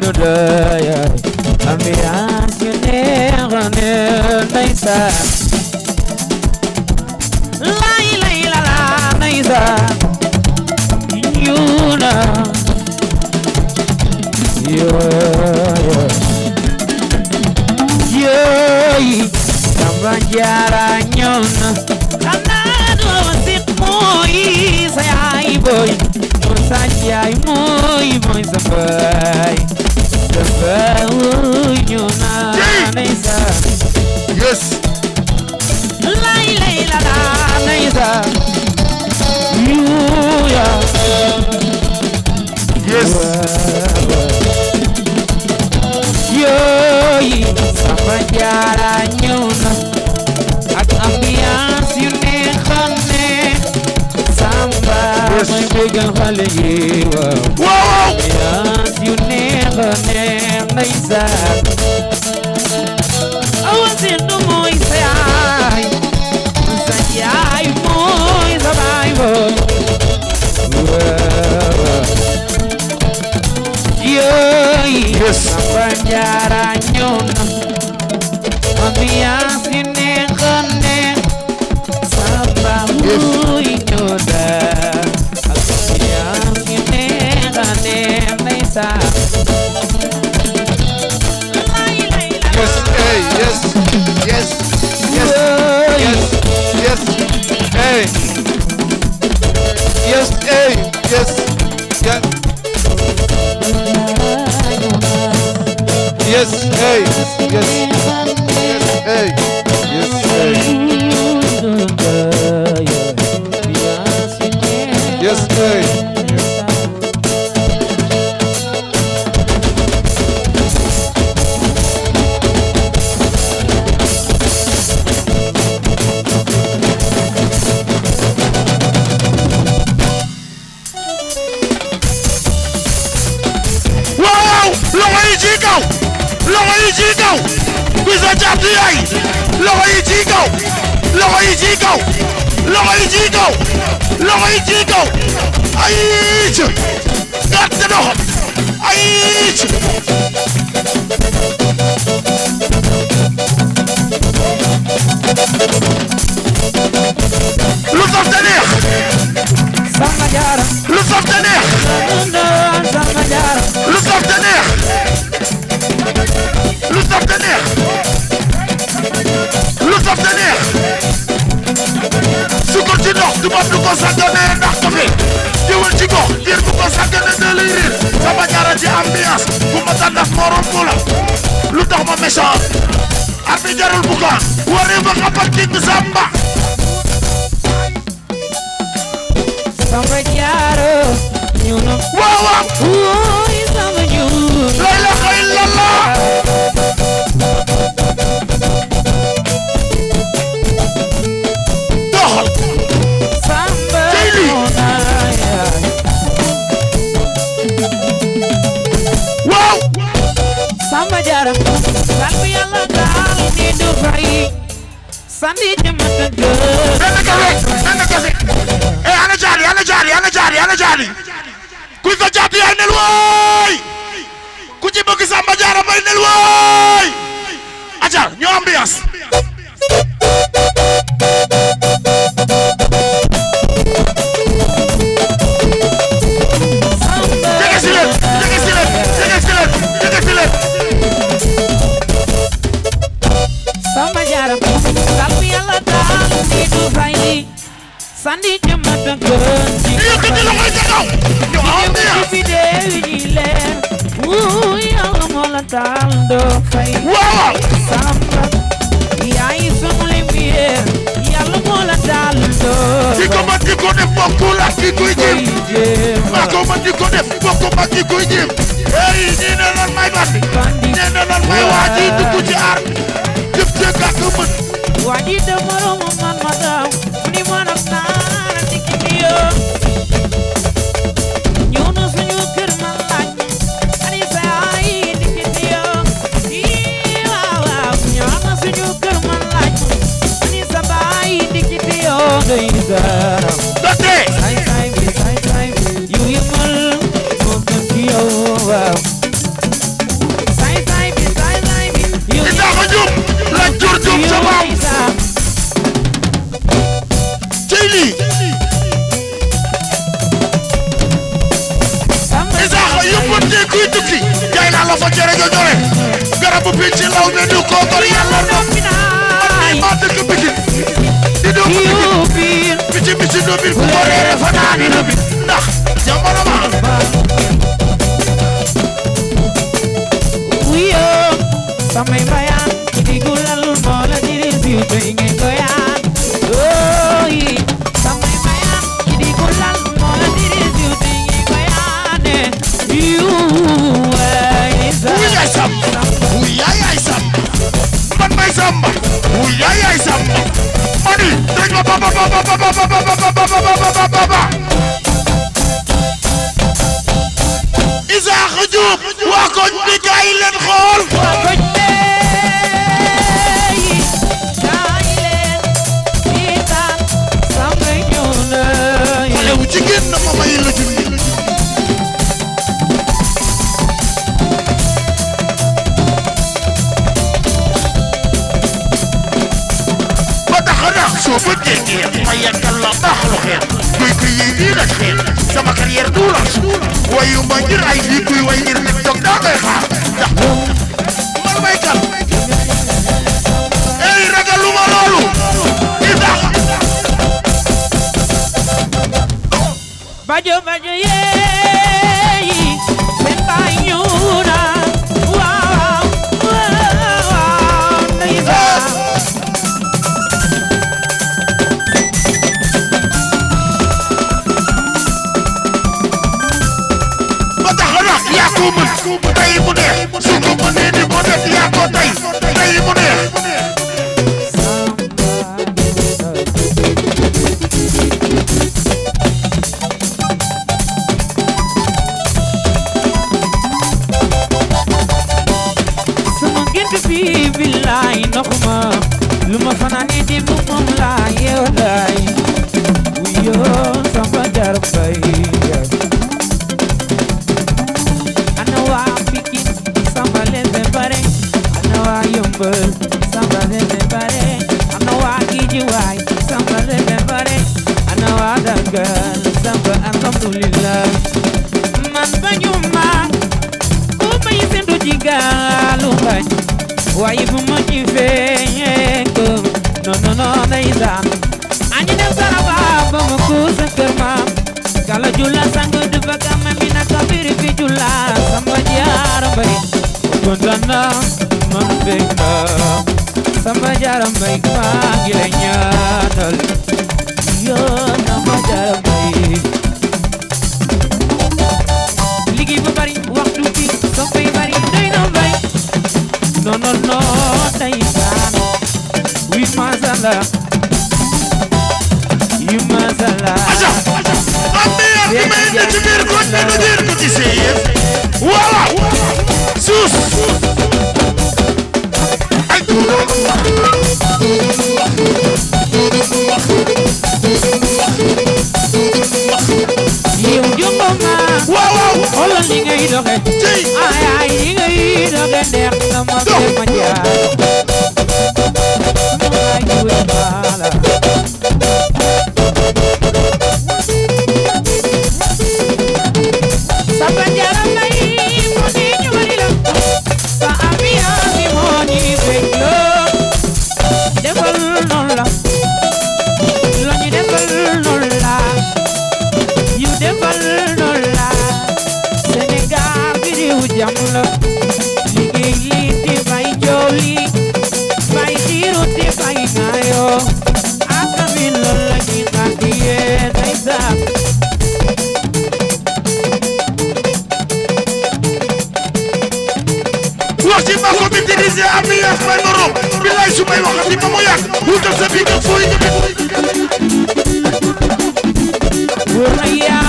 du daya amiran ne rane naisa la ila ila la naisa yuna yo yo yo tambajara nyona kanado sik moi sayai boy Sai ai moi moi sampai nga xale yi waaw waaw yaas yu neex a neex ndeysaan awa yes kaw loxo yi ci kaw ayii ci gàtt doxal ayii ci lu saf te neex lu saf te neex du ma du ko sàggane ndax tofe jëwal ci gox ngir bu ko sàggane da lay réer sama ñaara ci ambiance bu ma tàn daf morom lu tax ma méchant arbi jarul bu ko waree ba xamal ding samba sama jaaro ñëw Mama Jaara sant yàlla daal ni du fay a eh, ana jaari ana jaari ana fa jàpp yaay nel wooy ku ci bëgg Samba Jaara bay nel wooy aja ñu ambiance andi ñu mata gën ci yëkkati loxo yi ca kaw ñu am ne fi deewi ñi leer wuu yàlla moo la taal doo fay waaw samba yaay sama lumière yàlla moo la taal doo ki ko man ki ko def bokkul ak ki koy jéem maa ko man ki ko def bokkul ak ki koy jéem hey ñii ne loon may bandi ñii ne loon may waaji dugg ci aar bëgg a ñore garabu bi ci law ne ñu ko dor yàlla na man maa dëkk Pikine di doomu Pikine pici pici nobile bu ko reere fa naa ni nobile ndax jamono ma wiyoo samay bayaan di gulal moo la di réew Isa xujub waa koñ bi kaay leen xool fii la seen sama carrière du la wayu ma ngir ay lii kuy way ngir nit toog daa koy xaar ndax man may kan ey ragaluma loolu i dax bajo bajo yee lii billaay noxuma lu ma fanaan i di bu moom laa yeew daay wuyoon sama jar bay ana waa Pikin sama leen be bare ana waa Yombol sama leen be bare ana waa Gijiwaay sama leen be bare ana waa Dangal sama alhamdulillah man bañuma ji waaye bu ma ci feeñee ko non non non ndeysaan añi dem sarawa ba sa kër kala jula sang du bëgg a ma mina fi jula sama jaar mbay kontaan naa man bëgg naa sama jaar mbay maa masala yu masala aja aja am na yar bi may indi ci biir ko ne du diir ko ci siif wala suus yow jumbo ma waaw xoolal li ngay doxe ay ay li ngay doxe neex na ma ma jaar Não vai te levar xees may ma romb billaay su may waxati ba mu yàgg wutal sa biir nga fooy nga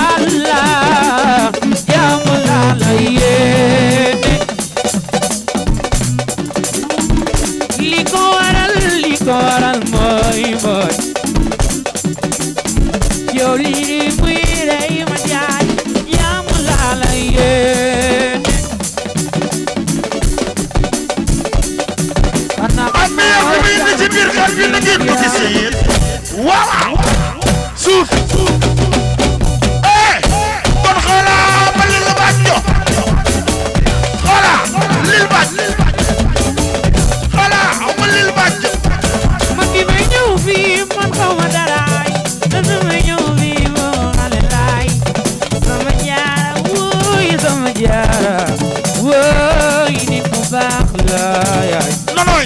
nonoy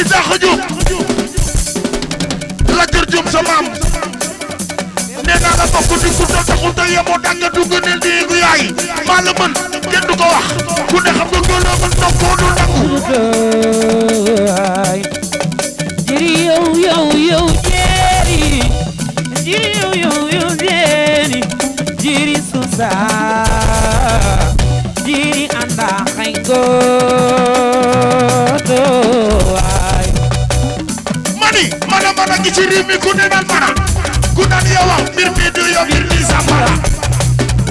Isaaxa Jóob la jër Jóob sa maam nee la bokk di ta taxul te yemoo danga dugg nel di yaay maa la mën kenn wax ku ne xam nga góoloo mën toog koo dul nangu jëri yow yow yow jëri suusa jiri anda xay gooto waay mani mana mana ngi ci réew mi ku ne naan mana ku naan yow wax mbir mi du yow mbir mi sambara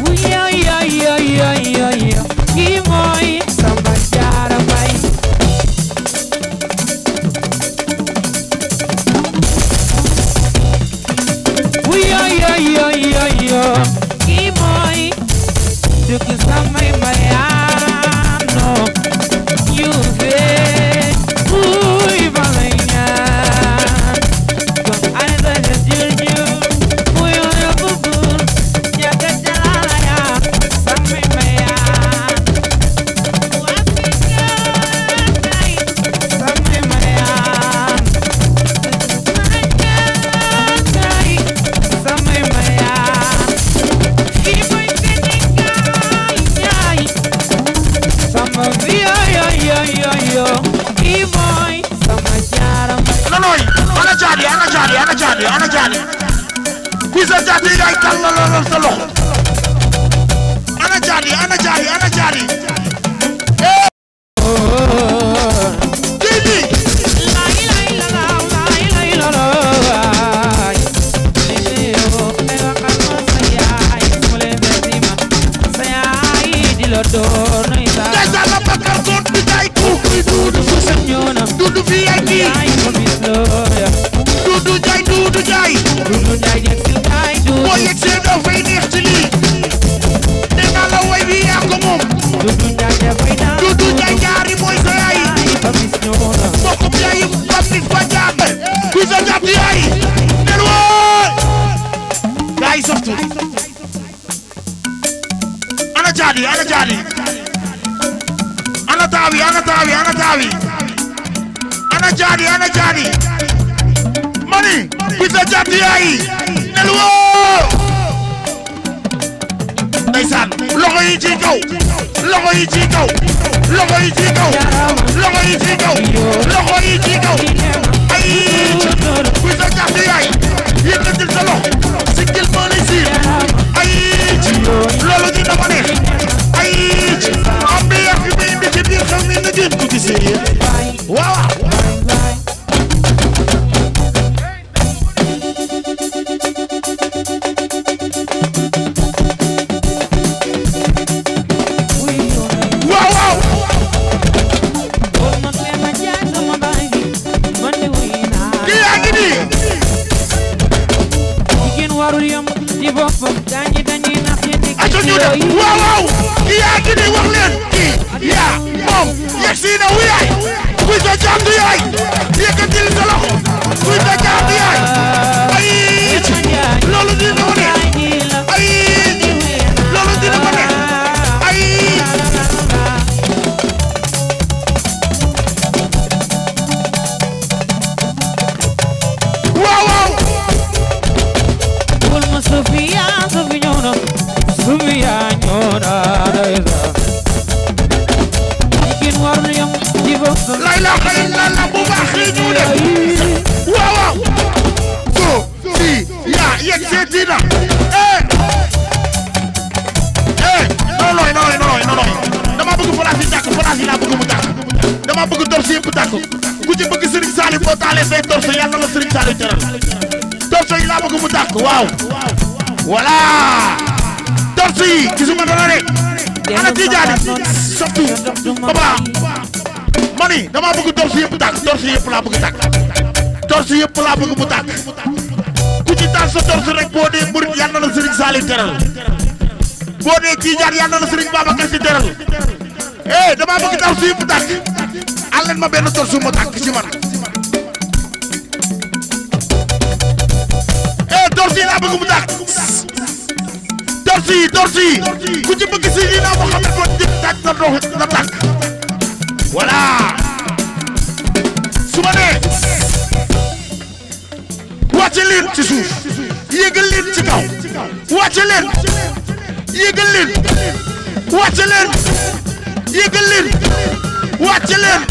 wuyo yo yo yo yo yo kii mooy sama jaara bay wuyo yo yo yo yo sa jaat yi yaay tàllalal sa loxo ana jaat yi ana jaat yi ana jaat yi yaay nel woo ndeysaan loxo yi ci kaw loxo yi ci kaw loxo yi ci kaw loxo yi ci kaw loxo yi ci kaw ay kuy sa jax di yaay yëkkatil sa loxo si gil moo lay siir ay loolu di dama neex ay am bi yàq bi indi ci biir xew mi na génn ko gisee waaw say torso yàlla la Serigne Saliou teral torso yi laa bëgg mu tàkk waaw voilà torso yi gisuma dara rek ana tijaani surtout papa mani dama bëgg torso yëpp tàkk torso yëpp laa bëgg tàkk torso yëpp laa bëgg mu tàkk ku ci taal sa torso rek boo dee murid yàlla la Serigne Saliou teral boo dee tijaan yàlla la Serigne Babacar eh dama bëgg torso yëpp tàkk àlleen ma benn torso ma tàkk ci mana? torsi yi laa bëgg mu tàkk torsi yi torsi yi ku ci bëgg si lii naa moo xam ne boo jëm tàkk na dox na tàkk voilà su ma nee wàcce leen ci suuf yéegal leen ci kaw wàcce leen yéegal leen wàcce leen yéegal leen wàcce leen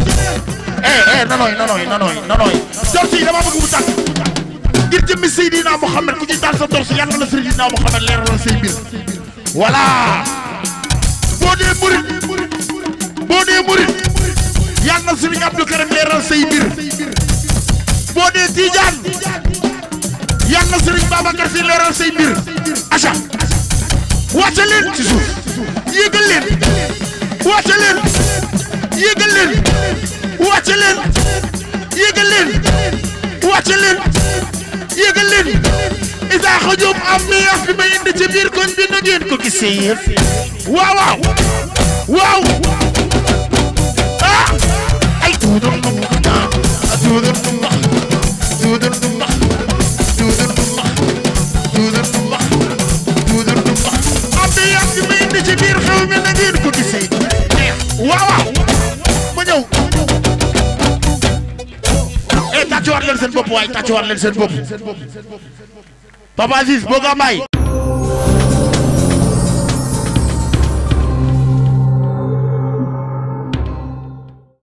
eh eh nanooy nanooy nanooy nanooy torsi yi dama bëgg mu tàkk ngir jëmmi Seydina Mouhamed ku ci daal sa dors yàlla na Seydina Mouhamed leeralal say mbir voilà boo dee murit boo dee murit yàlla na Serigne Abdou Karim leeral say mbir boo dee Tijaan yàlla na Serigne Babacar Sy leeral say mbir aca wàcce ci suuf yéegal leen wàcce leen yéegal Wow! Wow! Isaaxa am bi may indi ci koñ bi ngeen ko yëf waaw waaw waaw ah, ay bopp waay tàccuwaat leen seen bopp Papa Aziz Boga Mbaye